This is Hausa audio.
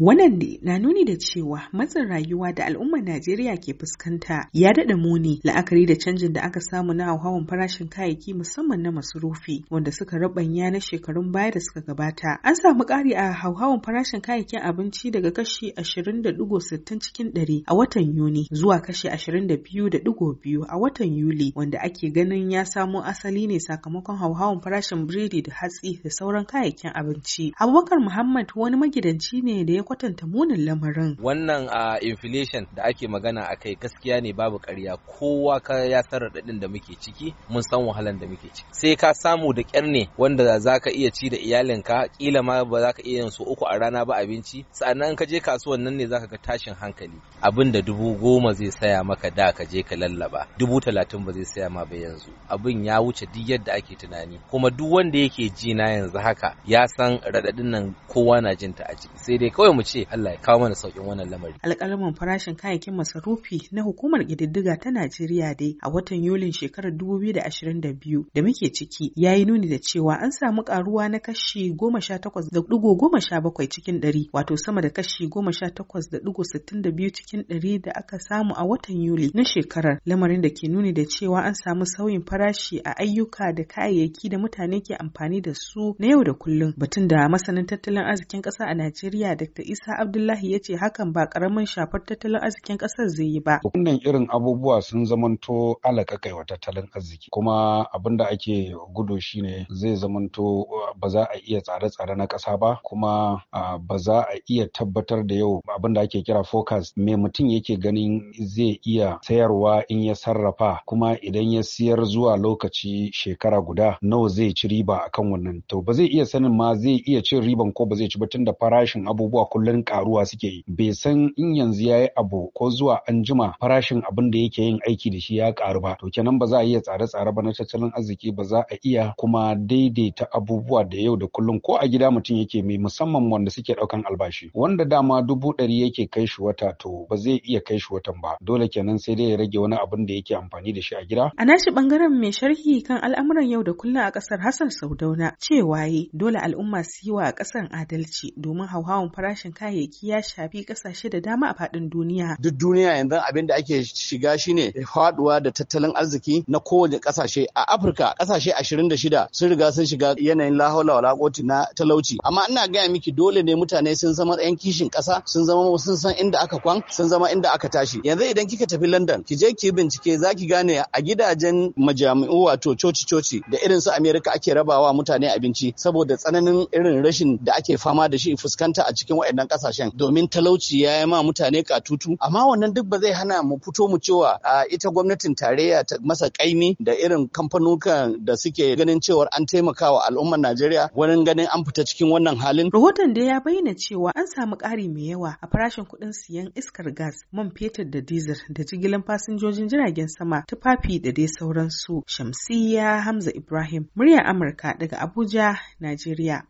Wannan ne na nuni da cewa matsin rayuwa da al'ummar Najeriya ke fuskanta ya daɗa muni la'akari da canjin da aka samu na hauhawan farashin kayayyaki musamman na masurufi wanda suka rabanya na shekarun baya da suka gabata. An samu ƙari a hauhawan farashin kayayyakin abinci daga kashi 20.60 cikin 100 a watan Yuni zuwa kashi 22.2 a watan Yuli wanda ake ganin ya samo asali ne sakamakon hauhawan farashin biredi da hatsi da sauran kayayyakin abinci. Abubakar Muhammad wani magidanci ne da ya kwatanta munin lamarin. Wannan a inflation da ake magana a kai gaskiya ne babu karya, kowa ka ya san raɗaɗin da muke ciki mun san wahalan da muke ciki. Sai ka samu da ƙyar ne wanda za ka iya ci da iyalinka ƙila ma ba za ka iya yin su uku a rana ba abinci sannan ka je kasuwan nan ne za ka ga tashin hankali abin da dubu goma zai saya maka da ka je ka lallaba dubu talatin ba zai saya ma ba yanzu abin ya wuce duk yadda ake tunani kuma duk wanda yake ji na yanzu haka ya san raɗaɗin nan kowa na jin ta a ciki sai dai kawai mu ce Allah ya kawo mana saukin wannan lamari. Alƙalamin farashin kayayyakin masarufi na hukumar ƙididdiga ta Najeriya dai a watan Yulin shekarar 2022 da muke ciki ya yi nuni da cewa an samu karuwa na kashi 18.17 cikin ɗari wato sama da kashi 18.62 cikin ɗari da aka samu a watan Yuli na shekarar lamarin da ke nuni da cewa an samu sauyin farashi a ayyuka da kayayyaki da mutane ke amfani da su na yau da kullum batun da masanin tattalin arzikin ƙasa a Najeriya Dr. Dr. Isa Abdullahi ya ce hakan ba karamin shafar tattalin arzikin ƙasar zai yi ba. Wannan irin abubuwa sun zamanto alaƙaƙai wa tattalin arziki kuma abin da ake gudu ne zai zamanto uh, ba za a iya tsare-tsare na ƙasa ba kuma uh, ba za a iya tabbatar da yau abin da ake kira focus mai mutum yake ganin zai iya sayarwa in ya sarrafa kuma idan ya siyar zuwa lokaci shekara guda nawa zai ci riba akan wannan to ba zai iya sanin ma zai iya cin riban ko ba zai ci ba tun da farashin abubuwa kullun karuwa suke yi bai san in yanzu ya yi abu ko zuwa an jima farashin abin da yake yin aiki da shi ya karu ba to kenan ba za a iya tsare-tsare ba na tattalin arziki ba za a iya kuma daidaita abubuwa da yau da kullum ko a gida mutum yake mai musamman wanda suke daukan albashi wanda dama dubu ɗari yake kai shi wata to ba zai iya kai shi watan ba dole kenan sai dai ya rage wani abin da yake amfani da shi a gida a nashi bangaren mai sharhi kan al'amuran yau da kullum a kasar Hassan Saudauna cewa dole al'umma su yi wa kasar adalci domin hauhawan farashi farashin kayayyaki ya shafi kasashe da dama a faɗin duniya. Duk duniya yanzu abin da ake shiga shine faduwa da tattalin arziki na kowane kasashe. A Afirka kasashe shida sun riga sun shiga yanayin lahaula wala koti na talauci. Amma ina gaya miki dole ne mutane sun zama yan kishin ƙasa, sun zama sun san inda aka kwan, sun zama inda aka tashi. Yanzu idan kika tafi London, ki je ki bincike za ki gane a gidajen majami'u wato coci-coci da irin su Amerika ake rabawa mutane abinci saboda tsananin irin rashin da ake fama da shi fuskanta a cikin wa'annan kasashen domin talauci ya yi ma mutane katutu amma wannan duk ba zai hana mu fito mu cewa a ita gwamnatin tarayya ta masa kaimi da irin kamfanukan da suke ganin cewa an taimakawa al'ummar Najeriya wurin ganin an fita cikin wannan halin. Rahoton da ya bayyana cewa an samu ƙari mai yawa a farashin kuɗin siyan iskar gas, man fetur da diesel da jigilan fasinjojin jiragen sama, tufafi da dai sauransu. Shamsiyya Hamza Ibrahim, murya Amurka daga Abuja, Najeriya.